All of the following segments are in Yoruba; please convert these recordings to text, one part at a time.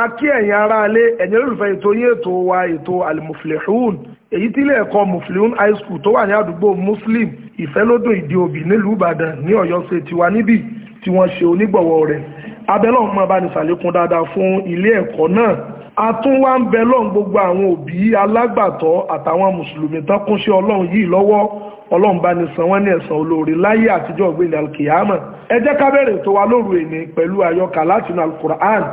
a kí ẹ̀yin aráalé ẹ̀yin olólùfẹ́ ètò yín ètò wa ètò alimuflehun èyí tí ilé ẹ̀kọ́ muflehun high school tó wà ní àdúgbò muslim ìfẹ́lódùn ìdí òbí nílùú ìbàdàn ní ọ̀yọ́ ṣe tiwa níbí tí wọ́n ṣe onígbọ̀wọ́ rẹ̀ abẹ́lọ́n mọ́ bá ní sàlékún dáadáa fún ilé ẹ̀kọ́ náà a tún wá ń bẹ lọ́n gbogbo àwọn òbí alágbàtọ́ àtàwọn mùsùlùmí tán kún sí ọlọ́run yìí lọ́wọ́ ọlọ́run bá ní san wọ́n ní ẹ̀san olóore láyé àtijọ́ ọ̀gbìn alkiyama ẹ jẹ́ ká bẹ̀rẹ̀ tó wa lóru èní pẹ̀lú àyọkà látinú alukur'an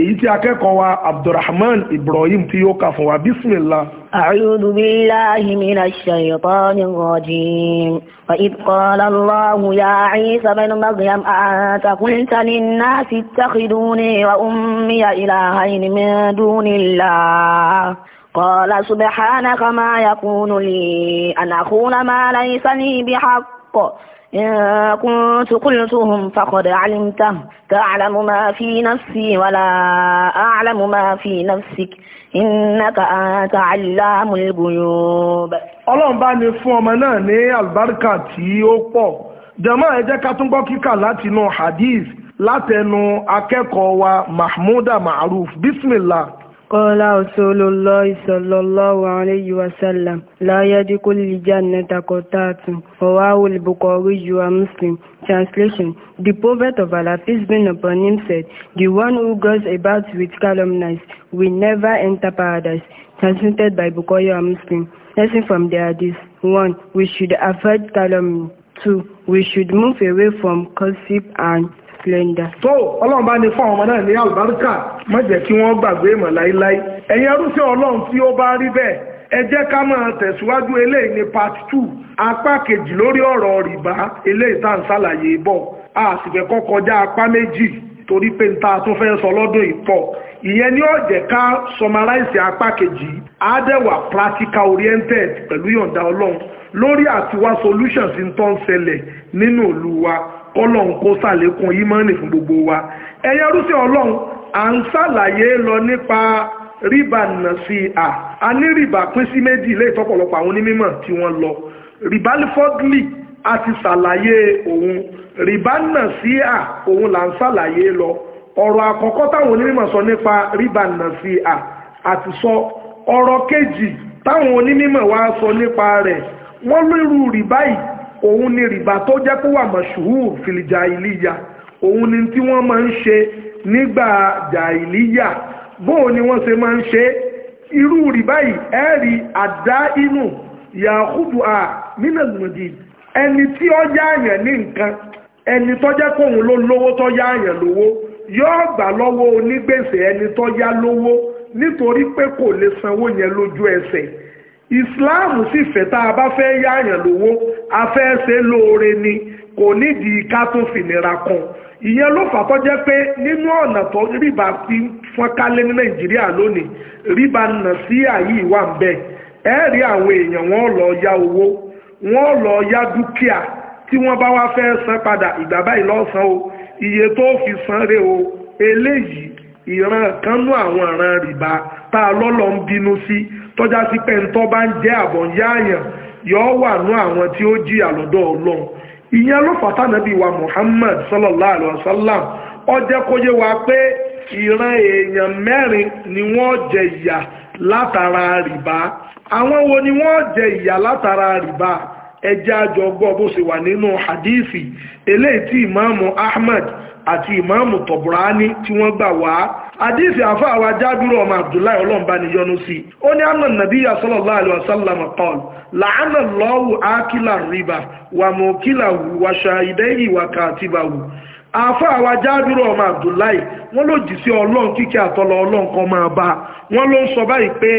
èyí tí akẹ́kọ̀ọ́ wa abdulrahman ibrahim tí yóò kà fún wa bísmìlá. أعوذ بالله من الشيطان الرجيم وإذ قال الله يا عيسى بن مريم أأنت قلت للناس اتخذوني وأمي إلهين من دون الله قال سبحانك ما يكون لي أن أقول ما ليس لي بحق إن كنت قلتهم فقد علمته تعلم ما في نفسي ولا أعلم ما في نفسك إنك أنت علام الغيوب Ọlọ́run bá ní fún ọmọ náà ní àlùbáríkà tí ó pọ̀ jàmá ẹ jẹ́ ká tún gbọ́ kíkà látinú hadith látẹnu akẹ́kọ̀ọ́ wa Mahmuda Maruf bismillah. قال رسول الله صلى الله عليه وسلم لا يدخل الجنة قطعة رواه البخاري ومسلم Translation The Prophet of Allah, peace be upon him, said, The one who goes about with calumnies will never enter paradise. Translated by Bukhari and Muslim. Lesson from the Hadith. 1. We should avoid calumny. 2. We should move away from gossip and splendor. tó ọlọ́run bá ní fún àwọn ọmọ náà ní àlùbáríkà má jẹ́ kí wọ́n gbàgbé ìmọ̀ láíláí ẹ̀yin ẹrúṣẹ́ ọlọ́run tí ó bá rí bẹ́ẹ̀ ẹ jẹ́ ká máa tẹ̀síwájú eléyìí ní part two apá kejì lórí ọ̀rọ̀ rìbá eléyìí tá à ń ṣàlàyé bọ̀ a sì fẹ́ kọ́ kọjá apá méjì torí pé n ta tún fẹ́ sọ lọ́dún ìpọ̀ ìyẹn ni ó jẹ́ ká summarize apá kejì á dẹ̀ wà practical oriented pẹ̀lú yọ̀ǹda ọlọ́run lórí àtiwá solutions tó ń ṣẹlẹ̀ nínú ìlú wa kọ́lọ́hún kó sàlékún ìmọ̀ọ́nì fún gbogbo wa ẹ̀yẹ rúṣẹ́ ọlọ́run à ń ṣàlàyé lọ nípa rìbá nà sí à a ní rìbá pín sí méjì ilé ìtọ́pọ̀lọpọ̀ àwọn onímọ̀ tí wọ́n lọ rìbá fọ́dlì a ti ṣàlàyé òun rìbá nà sí à òun là ń ṣàlàyé lọ ọ̀rọ̀ àkọ́kọ́ táwọn onímọ̀ sọ nípa rìbá nà sí à àti sọ ọ̀rọ̀ kejì táwọn onímọ̀ wá sọ nípa rẹ̀ wọ́n lérú rìbá yìí òun ni rìbá tó jẹ́ kó wà mọ̀ṣúhù fìlìjà ìlíya òun ni tí wọ́n máa ń ṣe nígbà jà ìlíya bóò ni wọ́n ṣe máa ń ṣe irú rìbá yìí ẹ̀rí àdá inú yahudu a nínà lòdì ẹni tí ó yáàyàn ní nǹkan ẹni tó jẹ́ kóun ló lówó tó yáàyàn lówó yóò gbà lọ́wọ́ onígbèsè ẹni tó yá lówó nítorí pé kò lè sanwó yẹn lójú ẹsẹ̀ islam sì fẹ́ tá a bá fẹ́ yáàyàn lówó a lóore ni kò nídìí ká tó fìnira kan ìyẹn ló fà tó jẹ́ pé nínú ọ̀nà tó rìbá ti fọ́nkálẹ̀ ní nàìjíríà lónìí rìbá nà sí àyè ìwà ń bẹ ẹ rí àwọn èèyàn wọ́n lọ ya owó wọ́n lọ ya dúkìá tí wọ́n bá wá fẹ́ san padà ìgbà báyìí lọ́sàn o iye tó fi san re o eléyìí ìran kanú àwọn ìran rìbá tá a lọ́lọ́ ń bínú sí. Si tọ́já sí pé ń tọ́ bá ń jẹ́ àbọ̀ ń yá àyàn yọ wà nú àwọn tí ó jìyà lọ́dọ̀ ọlọ́run ìyẹn ló fàtà nàbí wa Muhammad sallallahu alayhi wa sallam ó kó yé wa pé ìran èèyàn mẹ́rin ni wọ́n jẹ ìyà látara rìbá àwọn wo ni wọ́n jẹ ìyà látara rìbá ẹjẹ́ àjọ gbọ́ bó ṣe wà nínú hadithi eléyìí tí ìmáàmù Ahmad àti ìmáàmù tọ̀bùrání tí wọ́n gbà wá àdífì àfáà wa jábírò ọmọ abdullahi ọlọ́mbà ni yọnu sí ó ní àmà nàbíyà sallallahu alaihi wasallam qal la'ana Allahu akila riba wà mukilahu wà shahidehi wà katibahu àfáà wa jábírò ọmọ abdullahi wọ́n ló jì sí ọlọ́run kíkẹ́ àtọ́lọ ọlọ́run kan máa bá wọ́n ló ń sọ báyìí pé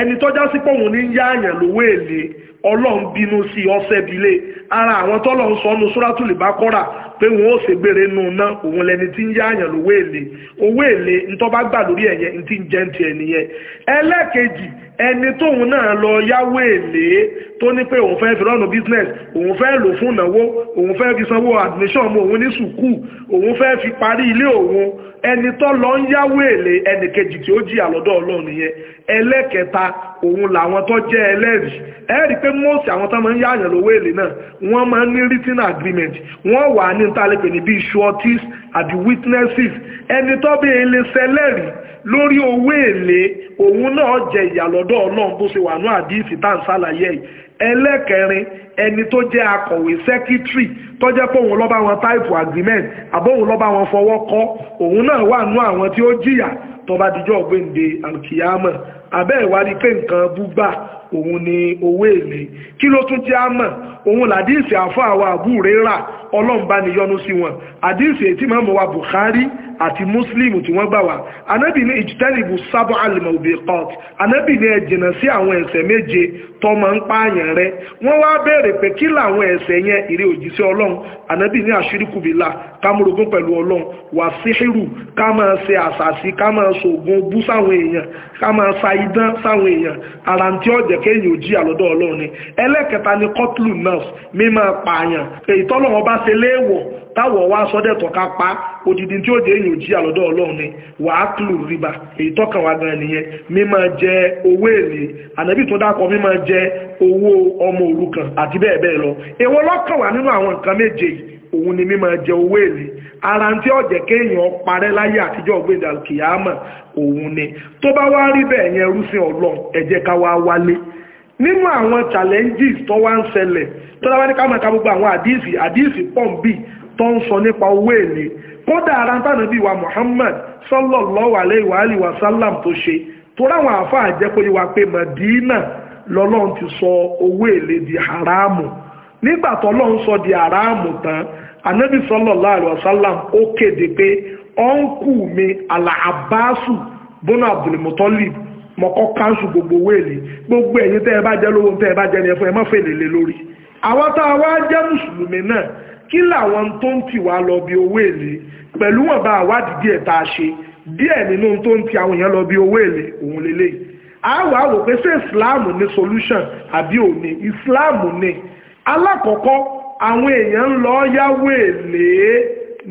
ẹni tọ́já sí pọ̀hún ní yáàyàn lówó èlé ọlọ́run bínú sí ọsẹ́ bilé ara àwọn tọ́lọ̀ ń sọ ọ́nù sóràtúlì bá kọ́ra pé wọ́n ó ṣègbére nu ná òun lẹni tí ń yá àyàn lówó èlé owó èlé ntọ́ bá gbà lórí ẹ̀yẹ ntí ń jẹ́ ntí ẹnìyẹn ẹlẹ́ẹ̀kejì ẹni tóun náà lọ yáwó èlé tó ní pé òun fẹ́ fi rọ́ọ̀nù business òun fẹ́ lò fún ìnáwó òun fẹ́ fi sanwó admission mu òun ní sùkúù òun fẹ́ fi parí ilé òun ẹni tó lọ ń yáwó èlé ẹnìkejì tí ó jìyà lọ́dọ̀ ọlọ́run yẹn ẹlẹ́ẹ̀kẹta òun làwọn tó jẹ́ ẹlẹ́rìí ẹ̀rí pé mọ́ọ̀sì àwọn tó máa ń yáyàn lówó èlé náà wọ́n máa ń ní written agreement wọ́n wà ní ntàlẹ́pẹ̀ níbi sureties àti witnesses ẹni tó bí ilé sẹlẹ́rìí lórí owó èlé òun náà jẹ ìyàlọ́dọ̀ ọlọ́run bó ṣe wà ní àdìsí tá à ń ṣàlàyé yìí ẹlẹ́kẹrin ẹni tó jẹ́ akọ̀wé sẹ́kítírì tó jẹ́ pé òun ló bá wọn táìpù agreement àbóhun ló bá wọn fọwọ́ kọ òun náà wà nú àwọn tí ó jìyà tó bá dijọ́ ọ̀gbẹ́ǹde alkiyama àbẹ́ ìwárí pé nǹkan búgbà òun ni owó èlé kí ló tún jẹ́ àmọ̀ òun làdíìsì àfọ́ àwọn àbúrérà ọlọ́run bá ní yọ́nú sí wọn àdínsì ètí mọ́mọ́ wa Bukhari àti Muslim tí wọ́n gbà wá anábì ní ìjítẹ́lìbù sábọ̀ alìmọ̀ òbí court anábì ní ẹ̀jìnà sí àwọn ẹ̀ṣẹ̀ méje tó máa ń pààyàn rẹ wọ́n wá béèrè pé kí làwọn ẹ̀ṣẹ̀ yẹn ìrè òjíṣẹ́ ọlọ́run anábì ní àṣírìkùbìlà kámúrogún pẹ̀lú ọlọ́run wà síhìrù ká máa ṣe àṣàṣì ká máa ṣoògùn bú sáwọn èèyàn ká máa sa idán sáwọn èèyàn ara tí ó jẹ́ kéèyàn ò jí àlọ́dọ̀ ọlọ́run ni ẹlẹ́kẹta ni kọ́tùlù ṣe léèwọ̀ táwọ̀ wá sọ́dẹ̀tọ̀ ká pa odidi tí ó jẹ́ èyàn jí àlọ́dọ̀ ọlọ́run ni wà á kìlù rìbà èyí tọ́ka wa gan nìyẹn mímọ̀ jẹ owó èlé ànábì tó dákọ̀ mímọ̀ jẹ owó ọmọ òrukàn àti bẹ́ẹ̀ bẹ́ẹ̀ lọ èwo lọ́kàn wà nínú àwọn nǹkan méje òun ni mímọ̀ jẹ owó èlé ara tí ó jẹ́ kéèyàn parẹ́ láyé àtijọ́ ọ̀gbẹ́dà kìyàmọ̀ òun ni tó bá wá rí bẹ́ẹ̀ yẹn rúfin nínú àwọn challenges tó wá ń ṣẹlẹ̀ tó dáwà ní káàmà ká gbogbo àwọn àdíìsì àdíìsì pọ̀m̀bì tó ń sọ nípa owó èlé kódà ara ń tànà bí wa Muhammad sallallahu alayhi wa alihi wa sallam tó ṣe tó ráwọn àfa àjẹpọ̀ yìí wa pé Madina lọ́lọ́run ti sọ owó èlé di haramu nígbà tó lọ́n sọ di haramu tán anabi sallallahu alayhi wa sallam ó kéde pé ọ̀nkù mi Al-Abbasu bọ́nà Abdul mọ̀kọ́ káńsù gbogbo owó èlé gbogbo ẹ̀yin tẹ́ ẹ bá jẹ́ lówó tẹ́ ẹ bá jẹ́ ni ẹ fún ẹ má fèlè lé lórí àwọn tá a wá jẹ́ mùsùlùmí náà kí làwọn tó ń tì wá lọ bí owó èlé pẹ̀lú wọn bá àwádìí díẹ̀ tá a ṣe díẹ̀ nínú tó ń ti àwọn èèyàn lọ bí owó èlé òun lélẹ́yìí àwa wò pé ṣé ìsìláàmù ni solution àbí òní ìsìláàmù ni alákọ̀ọ́kọ́ àwọn èèyàn ń lọ yáwó èlé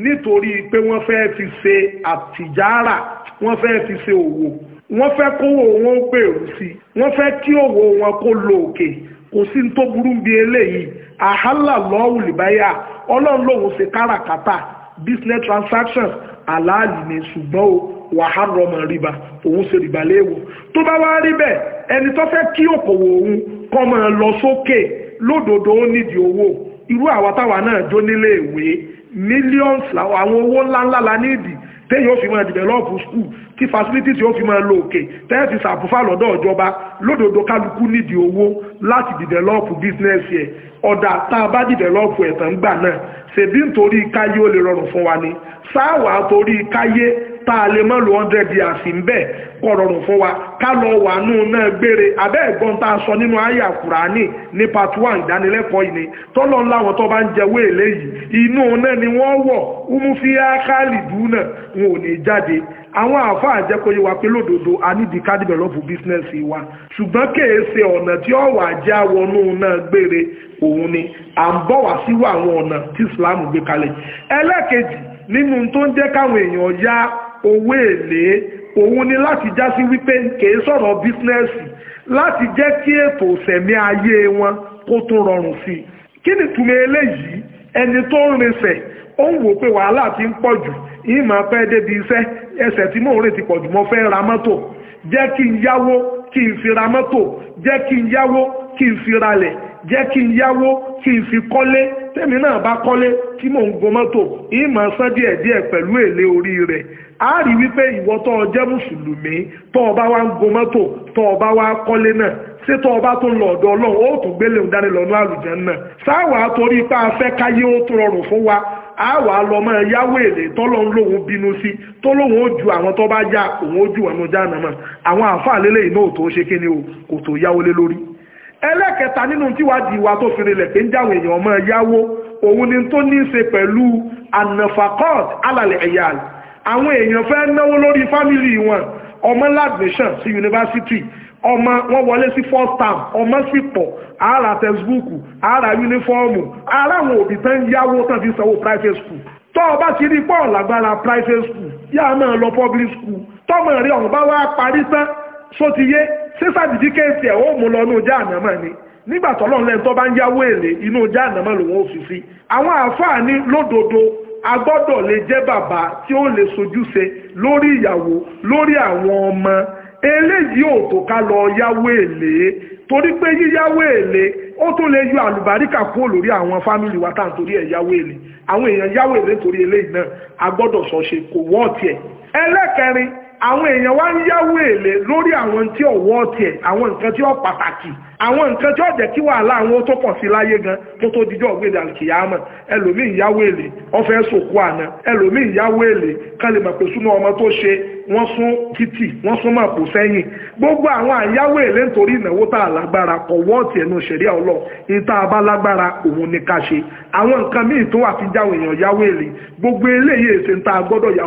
nítorí pé wọ́n fẹ́ fi ṣe àtìjára wọ́n fẹ́ fi ṣe òwò wọ́n fẹ́ kówó wọn gbèrú sí wọ́n fẹ́ kí òwò wọn kó lọ òkè kò sí ní tó burú bí eléyìí àhálà lọ́wọ́ lìbáyà ọlọ́run lòun ṣe káràkátà business transactions aláàlì ni ṣùgbọ́n o wàhálà ọmọ rìbá òun ṣe rìbá léèwọ̀ tó bá wá rí bẹ́ẹ̀ ẹni tó fẹ́ kí òkòwò òun kọ́ máa lọ sókè lódodo ó nídìí owó irú àwa táwa náà jó nílé ìwé millions àwọn owó ńláńlá la nídìí téyìn ó fi máa develop school tí facilities yóò fi máa lo òkè tẹ́yìn ti sàbúfà lọ́dọ̀ ìjọba lódòdó kálukú nídìí owó láti develop business yẹ ọ̀dà tá a bá develop ẹ̀tàn gbà náà ṣèbí nítorí káyé ó lè rọrùn fún wa ni sáà wà torí káyé tá a lè mọ́ lu hundred years ń bẹ̀ kọ́ rọrùn fún wa ká lọ wà nù náà gbére abẹ́ ẹ̀gbọ́n tá a sọ nínú àyà kùránì ní part one ìdánilẹ́kọ̀ọ́ yìí ni tọ́lọ́ ńlá wọn tó bá ń jẹwé eléyìí inú náà ni wọ́n wọ̀ umufiya khalidu náà wọn ò ní jáde àwọn àfa àjẹkọyẹ wa pé lódodo a nídìí ká dìbẹ̀lọ́pù bísínẹ́sì wa ṣùgbọ́n kèé ṣe ọ̀nà tí ọ̀wà ajá wọnú náà gbére òun ni à ń bọ̀ wá síwọ̀ àwọn ọ̀nà tí Islam gbé kalẹ̀ ẹlẹ́ẹ̀kejì nínú tó ń jẹ́ káwọn èèyàn yá owó èlé òun ni láti já sí wípé kìí sọ̀rọ̀ bísínẹ́sì láti jẹ́ kí ètò ìsẹ̀mí ayé wọn kó tún rọrùn sí i kí ni túmọ̀ eléyìí ẹni tó ń rinsẹ̀ ó ń wò pé wàhálà ti ń pọ̀ jù yìí máa pẹ́ débi iṣẹ́ ẹsẹ̀ tí mò ń retí pọ̀ jù mo fẹ́ ra mọ́tò jẹ́ kí n yáwó kí n fi ra mọ́tò jẹ́ kí n yáwó kí n fi ralẹ̀ jẹ́ kí n yáwó kí n fi kọ́lé tẹ́mi náà bá kọ́lé tí mò ń gun mọ́tò ìmọ̀ sán díẹ̀ díẹ̀ pẹ̀lú èlé orí rẹ̀ a rí wípé ìwọ tó jẹ́ mùsùlùmí tó bá wá ń gun mọ́tò tó bá wá kọ́lé náà ṣé tó bá tó lọ ọ̀dọ̀ ọlọ́run ó tún gbélé ń àlùjẹ́ náà sáwà torí pé a fẹ́ káyé ó tún rọrùn fún wa a wà lọ mọ́ yáwó èlé tọ́lọ́run lòun bínú sí tó lòun ó ju àwọn tó bá já òun ó ju àwọn jáàmù àwọn àfáà lélẹ́yìn náà tó ṣe kí ni o kò tó yáwó lé lórí ẹlẹ́kẹta nínú tíwádìí wa tó fìrì lẹ̀ pé ń jáwọ̀ èèyàn ọmọ yáwó òun ni tó ní í ṣe pẹ̀lú anafakọ́d alàlẹ̀ ẹ̀yà àwọn èèyàn fẹ́ náwó lórí fámìlì wọn ọmọ ladmission sí yunifásitì ọmọ wọn wọlé sí first term ọmọ sì pọ̀ ara textbook ara yunifọ́ọ̀mù ara àwọn òbí tán yáwó tán fi sanwó private school tọ́ ọ bá ti rí pọ́ọ̀ private school yáà máa lọ public school tọ́mọ̀ rí ọ̀hún bá wá parí tán só ti yé ṣé sàdìdíkẹ́ẹ̀tì ẹ̀ ó mú lọ inú jáàmù ni nígbà tọ́lọ́run lẹ́nu tó bá ń yáwó èlé inú jáàmù lòun ó fi sí àwọn àáfàá ní lódodo agbọ́dọ̀ lè jẹ́ bàbá tí ó lè sojúṣe lórí ìyàwó lórí àwọn ọmọ eléyìí ò tó ká lọ yáwó èlé torí pé yíyáwó èlé ó tún lè yọ àlùbáríkà kúrò lórí àwọn fámìlì wa táà torí ẹ̀ yáwó èlé àwọn èèyàn yáwó èlé torí eléyìí náà agbọ́dọ̀ sọ ṣe kò wọ́ọ̀tì ẹ̀ ẹlẹ́kẹrin àwọn èèyàn wá ń yáwó èlé lórí àwọn tí ọ̀wọ́ tiẹ̀ àwọn nǹkan tí ó pàtàkì àwọn nǹkan tí ó jẹ́ kí wàhálà àwọn tó pọ̀ sí láyé gan tó tó dijọ́ ògbéde àlùkìyàmọ̀ ẹlòmíì ìyáwó èlé ọfẹ́ àná ẹlòmíì ìyáwó èlé kan lè ọmọ tó ṣe wọ́n sún títì wọ́n sún mọ̀ sẹ́yìn gbogbo àwọn àyáwó èlé nítorí ìnáwó tá lágbára kọ̀ wọ́ọ̀tì ẹnu ọlọ́ ìta lágbára òun àwọn nǹkan míì tó wà fi jáwé èlé gbogbo eléyìí ń ta gbọ́dọ̀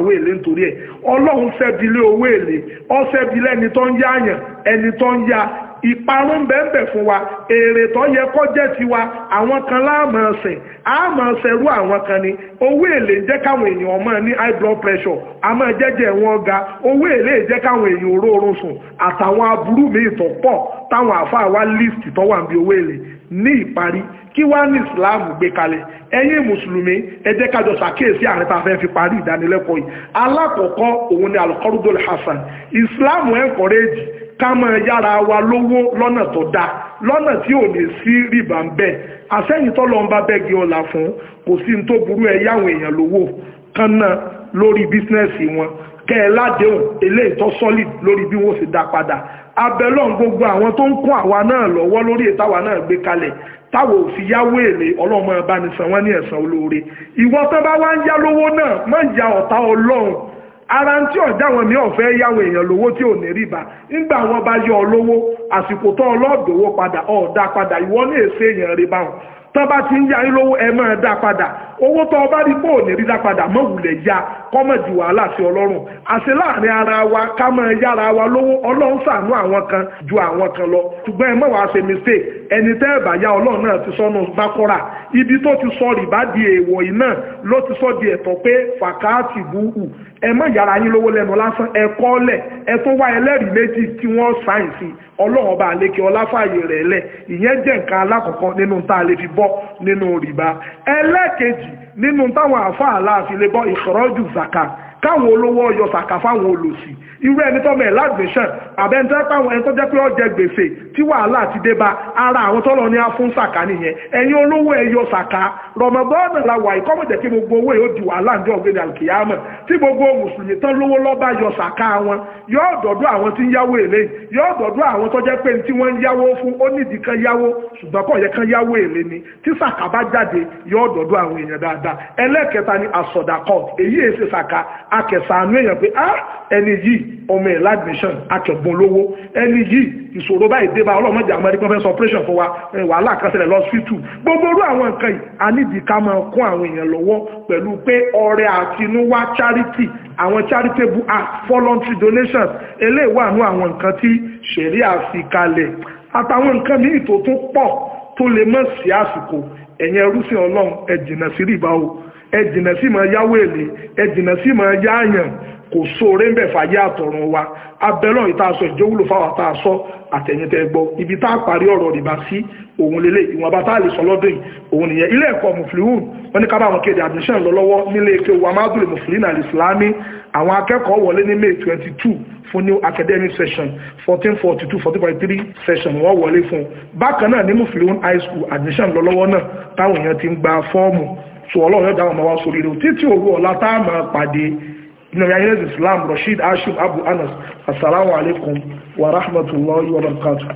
èlé nítorí ìparun bẹ́ẹ̀bẹ̀ fún wa èrè tó yẹ kó jẹ́ tiwa àwọn kan láàmọ̀ ọ̀sẹ̀ àmọ̀ ọ̀sẹ̀ rú àwọn kan ni owó èlé ń jẹ́ káwọn èèyàn ọmọ ní high blood pressure àmọ́ jẹ́jẹ́ wọn ga owó èlé ń jẹ́ káwọn èèyàn òróorun sùn àtàwọn aburú míì tó pọ̀ táwọn àfa wa list tó wà níbi owó èlé ní ìparí kí wá ní Islam gbé kalẹ̀ ẹ̀yin mùsùlùmí ẹ jẹ́ ká jọ ṣàkíyèsí àárín tá a fẹ́ fi parí ìdánilẹ́kọ̀ọ́ yìí alákọ̀ọ́kọ́ òun ni alukọ́rúdọ́lù Hasan Islam encourage Kama máa yára wa lówó lọ́nà tó dáa lọ́nà tí ò ní sí rìbá ń bẹ̀ àsẹ́yìn tó lọ́n bá bẹ́gi ọ̀la fún kò sí ní tó burú ẹ yáwọn èèyàn lówó kan náà lórí bísínẹ́sì wọn kẹ́ ẹ ládéhùn eléyìí tó solid lórí bí wọ́n sì dá padà abẹ́lọ́n gbogbo àwọn tó ń kún àwa náà lọ́wọ́ lórí ìtawà náà gbé kalẹ̀ táwọn òfin yáwó èlé ọlọ́mọ ẹ̀bá nìsan wọn ní ẹ̀san olóore ìwọ́n tó bá wá ń yá lówó náà má ya ọ̀tá ọlọ́run ara ń tí ọ̀já àwọn mi ọ̀fẹ́ yáwó èèyàn lówó tí ò ní rìbá nígbà wọn bá yọ ọ lówó àsìkò tó ọlọ́dọ̀wọ́ padà ọ̀ọ́dá padà ìwọ ní èsè èèyàn rìbá wọn tán bá ti ń yá yín lówó ẹ máa dá padà owó tó ọba rí pé ò ní rí lápadà mọ́ wulẹ̀ ya kọ́mọ̀dì wàhálà sí ọlọ́run àṣẹ láàrin ara wa ká máa yára wa lówó ọlọ́run ṣàánú àwọn kan ju àwọn kan lọ ṣùgbọ́n ẹ má wàá ṣe mistake ẹni tẹ́ ẹ̀bà ya ọlọ́run náà ti sọ́nù bákọ́rà ibi tó ti sọ rìbá di èèwọ̀ yìí náà ló ti sọ di ẹ̀tọ́ pé fàkáàtì búhù ẹ má yára yín lówó lẹ́nu lásán ẹ kọ́lẹ̀ ẹ tó wá ẹlẹ́rìí méjì tí wọ́n sáyìn sí ọlọ́run ọba àlekè ọláfààyè rẹ̀ lẹ̀ ìyẹn jẹ́ nǹkan alákọ̀ọ́kọ́ nínú tá lè fi bọ́ nínú rìbá ẹlẹ́kejì ẹlẹ́ẹ̀kejì nínú táwọn àáfàá aláàfin lè bọ́ ìkọ̀rọ́jù zaka káwọn olówó ọyọ zaka fáwọn olòṣì irú ẹni tọ́mọ ẹ̀ lágbèsàn àbẹ́ntẹ́ páwọn ẹni tó jẹ́ pé ọjẹ́ gbèsè tí wàhálà ti dé bá ara àwọn tọ́lọ ní afún sàkà nìyẹn ẹ̀yin olówó ẹ̀yọ sàkà rọmọgbọ́nà la wà ìkọ́mọ̀jẹ̀ kí gbogbo owó yóò di wàhálà ní ọ̀gbẹ́dà kìyàmọ̀ tí gbogbo mùsùlùmí tán lówó lọ́ba yọ sàkà wọn yóò dọ̀dọ̀ àwọn tí ń yáwó èlé yóò dọ̀dọ̀ àwọn tó jẹ́ pé tí wọ́n ń yáwó fún ó nídìí kan yáwó ṣùgbọ́n kò yẹ kan yáwó èlé ni tí sàkà bá jáde yóò dọ̀dọ̀ àwọn èèyàn dáadáa ẹlẹ́ẹ̀kẹta ni àsọ̀dàkọ̀ èyí èsì sàkà akẹsàánú èèyàn pé ah ẹni yìí ọmọ ẹ̀ lágbèsàn akẹ̀gbọ́n lówó ẹni yìí ìṣòro báyìí dé bá ọlọ́mọdé àmọ́ ẹni pé fẹ́ sọ operation fún wa wàhálà kan ṣẹlẹ̀ lọ́sítù gbogbo orú àwọn nǹkan yìí a nídìí ká máa kún àwọn èèyàn lọ́wọ́ pẹ̀lú pé ọrẹ àtinúwá charity àwọn charitable acts voluntary donations eléyìí wà ní àwọn nǹkan tí ṣẹ̀rí àfikalẹ̀ àtàwọn nǹkan míì tó tún pọ̀ tó lè mọ̀ sí àsìkò ẹ̀yìn ẹrúsìn ọlọ́run ẹ jìnnà sí rìbá o ẹ sí máa yáwó èlé ẹ sí máa yáàyàn kò sóore ń bẹ̀ fàyè àtọ̀run wa abẹ́lọ́ ìta aṣọ ìjówúlò fáwọn tá a sọ àtẹ̀yìntẹ́ gbọ́ ibi tá a parí ọ̀rọ̀ rìbá sí òun lélẹ̀ ìwọ̀n bá tá a lè sọ lọ́dún yìí òun nìyẹn ilé ẹ̀kọ́ mùfìlíhùn wọn ní ká twenty two fún new session fourteen forty two fourteen forty three session wọ́n wọlé fún un bákan náà high school admission lọ lọ́wọ́ náà táwọn èèyàn ti ń gba fọ́ọ̀mù tó ọlọ́run yóò dáhùn ìnáwó ayélujára islam rasheed ashim abu anas assalamu alaikum wa rahmatulahi wa barakatuh.